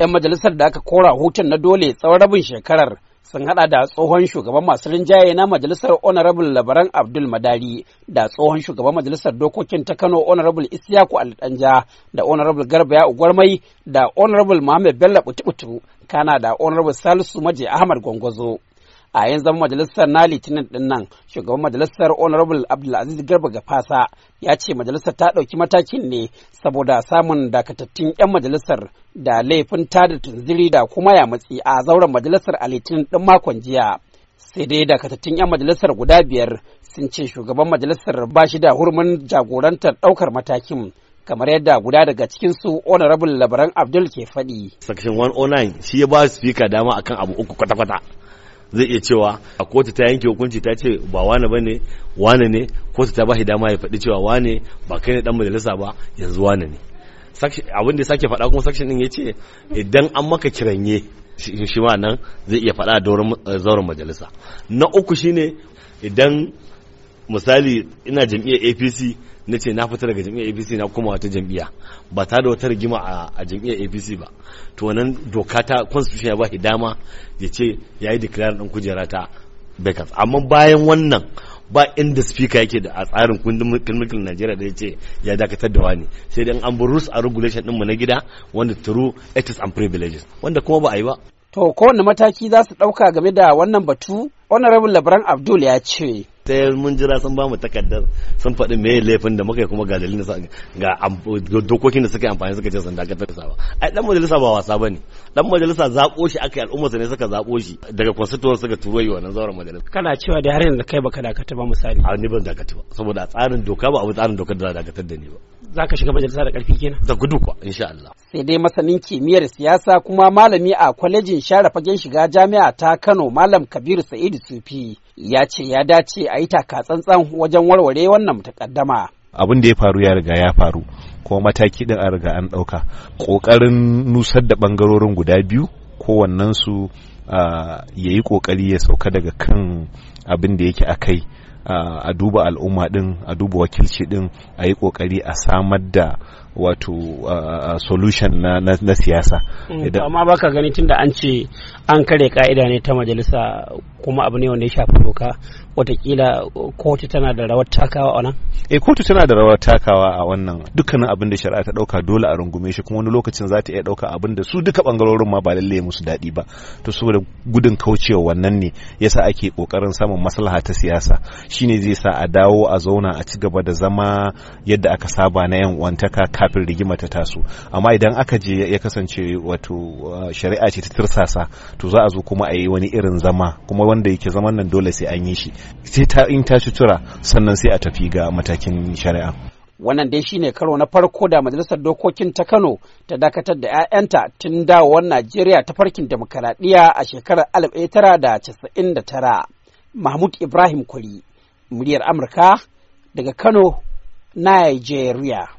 'yan majalisar da aka kora hutun na dole tsawon rabin shekarar sun hada da tsohon shugaban masu rinjaye na majalisar honorable labaran abdul madari da tsohon shugaban majalisar dokokin ta kano honorable Ali Ɗanja da honorable garba ya ugwarmai da honorable mohammed bello butubutu kana da honorable salisu maje ahmad gwangwazo a yanzu zama majalisar na litinin din nan shugaban majalisar honorable abdulaziz garba gafasa ya ce majalisar ta ɗauki matakin ne saboda samun dakatattun 'yan majalisar da laifin tada tunziri da kuma yamutsi a zauren majalisar a litinin din makon jiya sai dai dakatattun 'yan majalisar guda biyar sun ce shugaban majalisar ba shi da hurumin jagorantar ɗaukar matakin kamar yadda guda daga cikin su honorable labaran abdul ke faɗi. section 109 shi ya ba speaker dama akan abu uku kwata-kwata zai iya cewa a kotu ta yanke hukunci ta ce ba wane ba ne wane ne kotu ta ba shi dama ya faɗi cewa wane ba kai ne dan majalisa ba yanzu wane ne abin da sake faɗa kuma section din ya ce idan an maka kiranye shi ma nan zai iya faɗa a zauren majalisa na uku shine idan misali ina jam'iyyar apc na ce na fita daga jam'iyyar apc na kuma wata jam'iyya ba ta da wata rigima a jam'iyyar apc ba to wannan doka ta constitution ya ba shi dama ya ce ya yi declare ɗin kujera ta bekas amma bayan wannan ba inda speaker yake da a tsarin kundin mulkin Najeriya da ya ce ya dakatar da wani sai dai an bi rules a regulation ɗinmu na gida wanda through ethics and privileges wanda kuma ba a yi ba To kowane mataki za su ɗauka game da wannan batu, Honorable Labran Abdul ya ce. ta mun jira sun ba mu takardar sun faɗi me laifin da muka kuma ga dalilin ga dokokin da suka yi amfani suka ce sun dakatar da sawa ai dan majalisa ba wasa bane dan majalisa zabo shi aka al'umma ne suka zabo shi daga constituency suka turo yi wannan zauren majalisa kana cewa da har yanzu kai baka dakata ba misali a ni ban dakata ba saboda tsarin doka ba abu tsarin dokar da dakatar da ni ba za ka shiga majalisa da ƙarfi kenan da gudu kuwa insha Allah sai dai masanin kimiyyar siyasa kuma malami a kwalejin share fagen shiga jami'a ta Kano malam Kabiru Sa'idu Sufi ya ce ya dace a yi taka tsantsan wajen warware wannan takaddama abin da ya faru ya riga ya faru ko mataki din a riga an ɗauka ƙoƙarin nusar da bangarorin guda biyu kowannensu ah, ya yi ƙoƙari ya sauka daga kan abin da yake a kai a duba al'umma din a duba wakilci din a yi kokari a samar da wato uh, solution na, na, na siyasa mm, amma baka gani tunda an ce an kare ka'ida ne ta majalisa kuma abu ne wanda ya shafi doka watakila kotu tana da rawar takawa a nan e kotu tana da rawar takawa a wannan dukkanin abin da shari'a ta dauka dole a rungume shi kuma wani lokacin za ta iya dauka abin da su duka bangarorin ma ba lalle musu daɗi ba to saboda gudun kaucewa wannan ne yasa ake kokarin samun maslaha ta siyasa shine zai sa a dawo a zauna a ci gaba da zama yadda aka saba na yan wantaka. kafin rigima ta taso amma idan aka je ya kasance wato uh, shari'a ce ta tirsasa to za a zo kuma a yi wani irin zama kuma wanda yake zaman nan dole sai an yi shi sai ta in ta tura sannan sai a tafi ga matakin shari'a wannan dai shine karo na farko da majalisar dokokin ta kano ta dakatar da 'ya'yanta tun dawowar najeriya ta farkin demokaradiyya a shekarar 1999 mahmud ibrahim Kuli muryar amurka daga kano nigeria